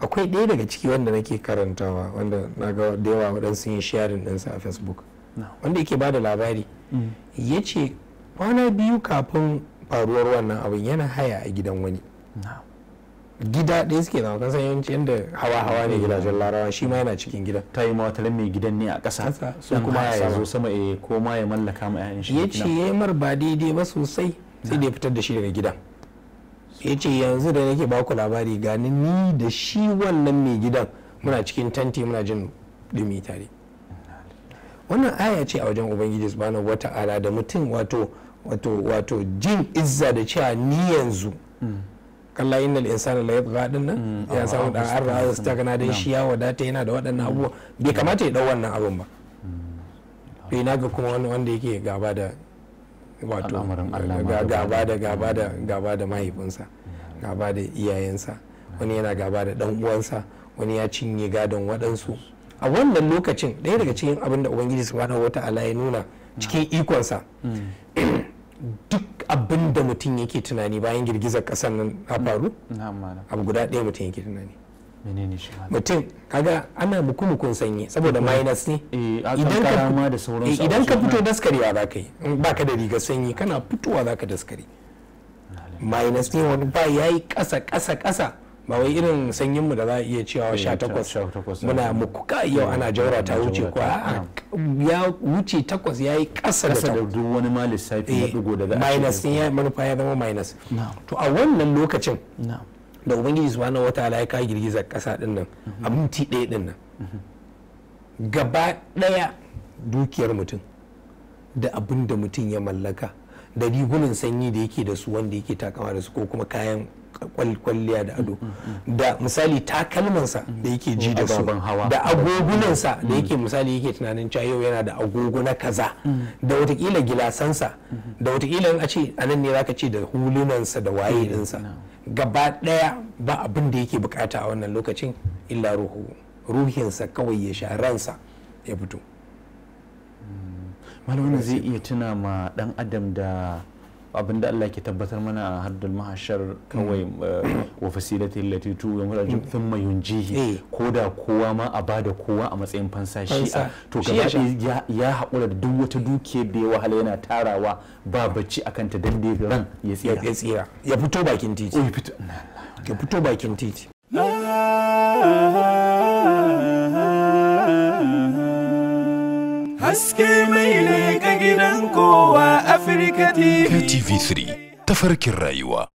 akwai ɗaya daga ciki wanda nake karantawa wanda na ga da yawa waɗansu yin sharing ɗinsa a facebook wanda yake ba da labari mm. ya ce kwana biyu kafin faruwar wannan abin yana haya a gidan wani gida ɗaya suke zama kan yawanci yadda hawa hawa ne mm. gidajen larawa shi ma yana cikin gidan ta yi mawatalan mai gidan ne a ƙasa su kuma ya zo sama eh, ko ya mallaka ma shi ya ce ya yi mar ba daidai ba sosai sai da ya fitar da shi daga gidan ya ce yanzu da nake baku labari gani ni da shi wannan mai gidan muna cikin tanti muna jin dumi tare wannan aya ce a wajen ubangiji subhanahu wata'ala da mutum wato wato wato jin izza da cewa ni yanzu kalla innal insana la yatgha din nan mm, ya samu da arra ta kana dan shi ya wadata yana da waɗannan abubuwa bai mm. kamata ya dau wannan abin ba bai mm. na ga kuma wanda yake gaba da wato gaba da gaba da gaba da mahaifinsa gaba da iyayensa wani yana gaba da dan uwansa wani ya cinye gadon waɗansu a wannan lokacin ɗaya daga cikin abin da ubangiji wata wata'ala ya nuna cikin ikonsa duk abinda mutum yake tunani bayan girgizar ƙasar nan a faru abu guda ɗaya mutum yake tunani mutum kaga ana mukumukun sanyi saboda minus ne eh, idan ka fito eh, daskarewa za ka yi ba ka da riga sanyi kana fitowa za ka daskare minus ne wani ba ya yi ƙasa ƙasa ƙasa ba wai irin sanyin mu da za a iya cewa eh, takwas muna muku ka yau ana jaura ta wuce ko ya wuce takwas ya yi ƙasa da takwas da duk wani ma lissafi ya dugo da minus ne ya manufa ya zama minus to a wannan lokacin da ubangiji na wata ya kawo girgizar kasa din nan a minti ɗaya din nan gaba ɗaya dukiyar mutum da abin da mutum ya mallaka da rigunan sanyi da yake da su wanda yake takama da su ko kuma kayan kwalliya da ado mm-hmm. da misali takalmansa da mm-hmm. yake ji da su da agogunansa da mm-hmm. yake misali yake tunanin cewa yau yana da agogo na kaza da watakila gilasansa da watakila in a ce a nan ne zaka ce da hulunansa da waye dinsa gaba daya ba abin da yake bukata a wannan lokacin illa ruhu ruhinsa kawai ya sha ransa ya fito mm. Malamin zai iya tuna ma dan adam da Abin da Allah ke tabbatar mana a haddul mahashar kawai mm. eh, wa fasilati lati tu wa murajim mm. thumma yunjihi eh. ko da kowa ma a bada kowa a matsayin fansa shi a to gaba ya haƙura da duk wata duke da ya wahala yana tarawa ba bacci akan ta da ran ya tsira ya fito bakin titi oh, ya fito bakin titi haske shirin kowa Afirka TV. KTV3 rayuwa.